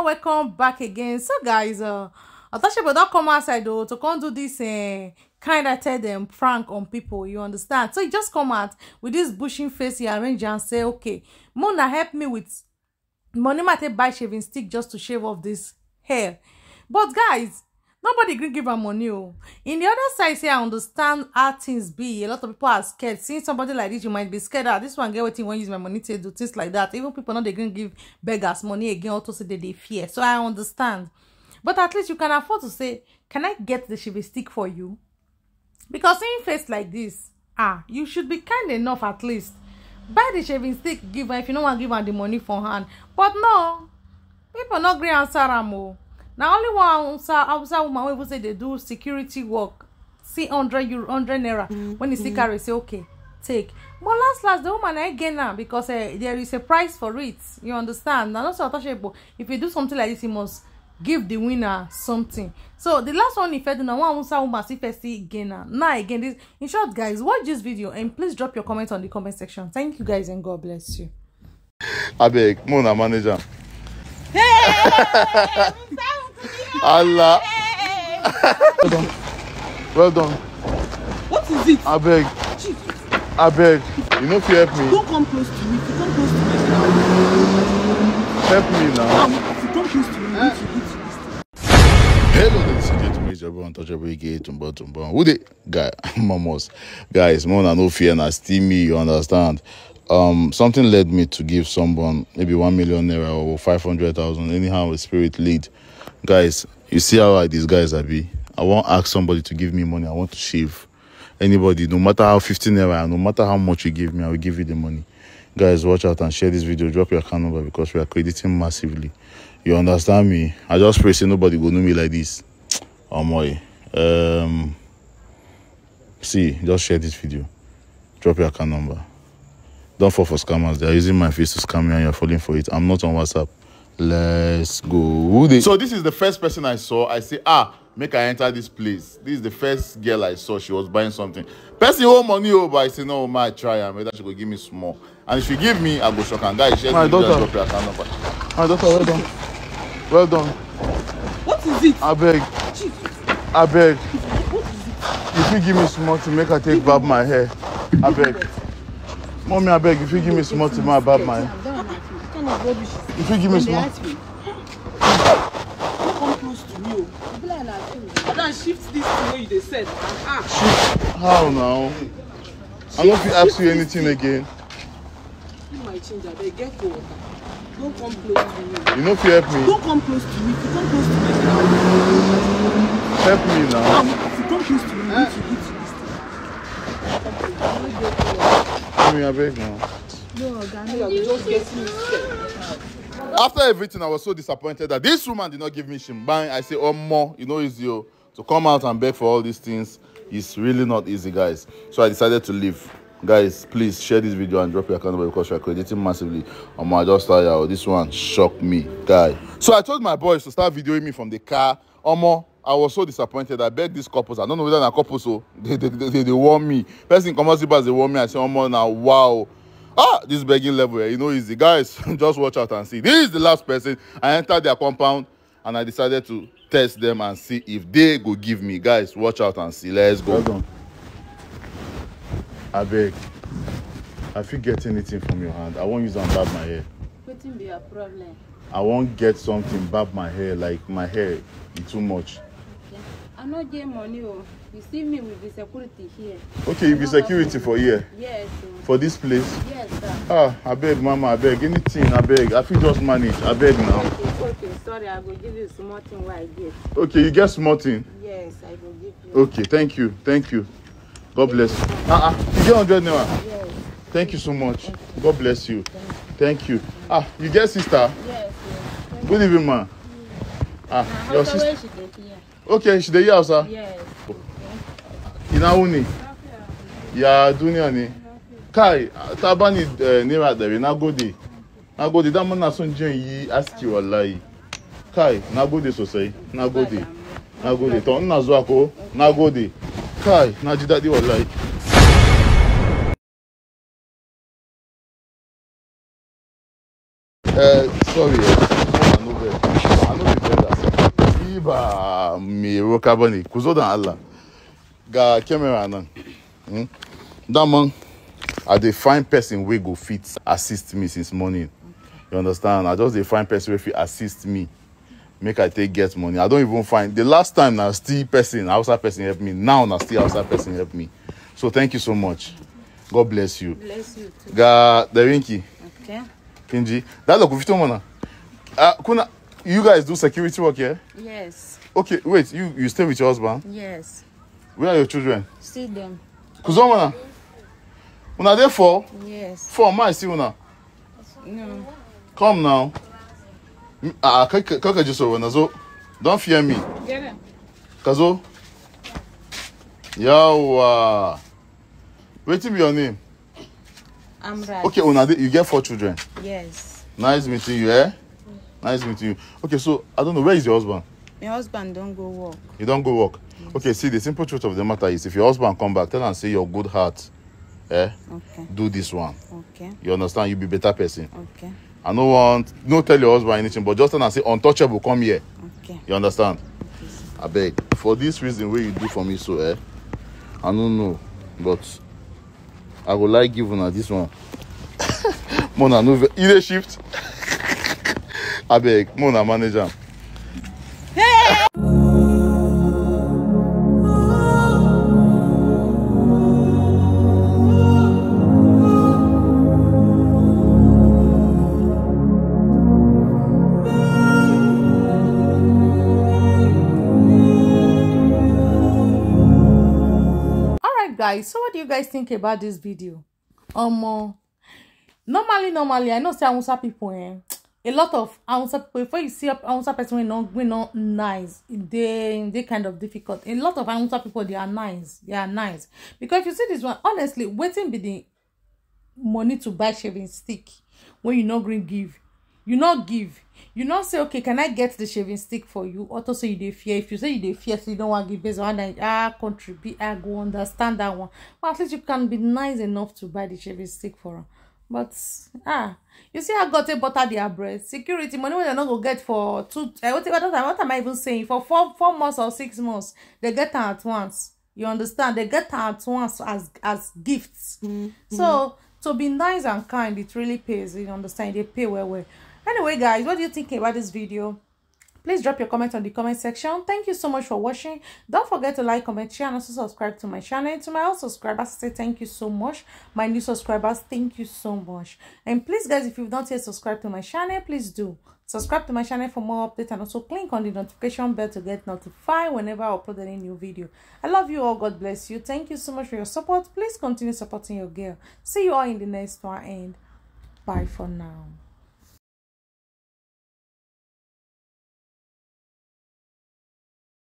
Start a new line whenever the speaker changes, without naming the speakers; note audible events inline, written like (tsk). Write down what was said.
everyone welcome back again so guys uh Otoshebo don come outside though to come do this uh, kind of tell them prank on people you understand so you just come out with this bushing face he arrange and say okay Mona help me with money matter buy shaving stick just to shave off this hair but guys nobody gree give am money o oh. in the other side say i understand how things be a lot of people are scared seeing somebody like this you might be scared ah this one get wetin wan use my money take do things like that even people no dey gree give beggars money again also say they dey fear so i understand but at least you can afford to say can i get the shibi stick for you because seeing face like this ah you should be kind enough at least buy the shaving stick give her if you no wan give am the money for hand but no people no gree answer am o. Oh na only one hausa hausa woman wey even say dey do security work see hundred euro hundred naira mm, when e see mm. carry say okay take but last last the woman na gain am because uh, there is a price for it you understand na no so atashebo if you do something like this you must give the winner something so the last one ife do na one hausa woman see first see gain am now again this in short guys watch this video and please drop your comment on the comment section thank you guys and god bless you
abeg mo na manager.
Hey, hey.
Allah. well done. Well done. What is it? I beg. Chief. I beg. You know if you help me. Don't come close to me. If you come close to me now. Help me now. Um,
if you come close to me, eh? you need to
Hello, ladies and gentlemen, it's your boy Untouchable aka Tumba Tumba. Who the guy? (laughs) Mamos. Guys, more than no fear and steal me, you understand? Um, something led me to give someone maybe 1 million naira or 500,000, anyhow, a spirit lead. guys you see how i disguise abi i won't ask somebody to give me money i want to shave anybody no matter how 15 naira no matter how much you give me i will give you the money guys watch out and share this video drop your account number because we are crediting massively you understand me i just pray say nobody go know me like this omoy (tsk) oh um see just share this video drop your account number don't fall for scammers they are using my face to scam me, and you're falling for it i'm not on whatsapp Let's go. They... So this is the first person I saw. I say, ah, make I enter this place. This is the first girl I saw. She was buying something. Person owe money over. Oh, I say, no, ma, try am. Whether she go give me small. And if she give me, I go shock and guy. She My daughter. Drop your account number. My daughter, well done. Well done. What is it? I beg.
Chief.
I beg. If you give me small to make her take barb my hair. I beg. Mommy, I beg. If you give me small to make her barb my hair
of rubbish. You give me small. They come close to me. Oh. Don't shift this to where you dey ah. Shift
how now? I no fit ask you anything again.
You might change abeg get cold. Don't come close to me. You no fit help me. Don't come close to me. If you come close to me now. Help me now. now if you come close to me, you need to eat this
thing. Come here abeg now. After everything, I was so disappointed that this woman did not give me shimban. I say, Omo, you know, easy. To come out and beg for all these things is really not easy, guys. So I decided to leave. Guys, please share this video and drop your comment because you are crediting massively. Omo, I just tell you, oh, this one shocked me, guy. So I told my boys to start videoing me from the car. Omo, I was so disappointed. I begged these couples. I don't know whether they're couples, oh, so (laughs) they, they, they, they, warn me. First thing, come out, they warn me. I say, Omo, now, wow ah this begging level here, eh, you know, easy guys (laughs) just watch out and see this is the last person i entered their compound and i decided to test them and see if they go give me guys watch out and see let's go. well I beg. i fit get anything from your hand i won't use and barb my hair.
wetin be your problem.
i won't get something barb my hair like my hair e too much.
Yeah. i know get money o oh. you see me with the security here. okay you be security for here. yes o. Oh.
for this place. Yeah ah abeg mama abeg anything abeg i fit just manage abeg now. okay
okay sorry i go give you small thing wey i get. okay you get small thing. yes
i go give you. okay thank you thank you god bless you ah ah you get hundred naira. yes. thank you so much okay. god bless you thank you, thank you. ah you get sister. yes yes. good evening ma. Mm. ah na your sister. na hausa wey she dey hear. okay she dey here, sir. yes. ina wuni. ya duniya ni. kai ta bani naira ɗari na gode na gode dama na son jin yi aski wallahi kai na gode sosai na gode na gode to ina zuwa ko na gode kai na ji daɗi wallahi Uh, sorry, I know that. I know the brothers. Iba me roka bane, ku zo dan Allah. Ga camera nan. Hmm? Daman i dey find person wey go fit assist me since morning you understand i just dey find person wey fit assist me make i take get money i don even find the last time na still person outside person help me now na still outside person help me so thank you so much god bless you bless you too ga derinki okay kinji that look fifty one ah uh, kuna you guys do security work here
yes
okay wait you you stay with your husband yes where are your children see them kuzomana una dey four yes fall mine see una no come now ah kaka ji soro na zo don fear me Kazo. zo yawa wetin be your name
I'm right. okay
una you get four children
yes
nice meeting you eh nice meeting you okay so i don't know where is your husband
my husband don't go work
you don't go work okay see the simple truth of the matter is if your husband come back tell am say your good heart eh? okay. do this one. Okay. You understand? You be better person. Okay. I no want no tell your husband anything, but just and say untouchable come here. Okay. You understand? Okay. I beg. For this reason where you do for me so eh. I don't know. But I would like give una this one. (laughs) Mona no either shift. I (laughs) beg, Mona manager.
guys so what do you guys think about this video um, uh, normally normally i know say hausa people eh a lot of hausa people before you see hausa person wey no wey no nice dey dey kind of difficult a lot of hausa people they are nice they are nice because if you see this one honestly wetin be the money to buy shaving stick when you no gree give you no give you not say okay can i get the shaving stick for you auto say you dey fear if you say you dey fear say so you don wan give based on how ah country be i go understand that one but at least you can be nice enough to buy the shaving stick for am but ah you see how god take butter their bread security money wey dem no go get for two uh, what, what, what am i even saying for four four months or six months dem get am at once you understand they get am at once as as gifts mm -hmm. so to be nice and kind it really pays you understand e dey pay well well anyway guys what do you think about this video please drop your comment on the comment section thank you so much for watching don't forget to like comment share and also subscribe to my channel and to my old subscribers say thank you so much my new subscribers thank you so much and please guys if you've not yet subscribed to my channel please do subscribe to my channel for more updates and also click on the notification bell to get notified whenever i upload any new video i love you all god bless you thank you so much for your support please continue supporting your girl see you all in the next one and bye for now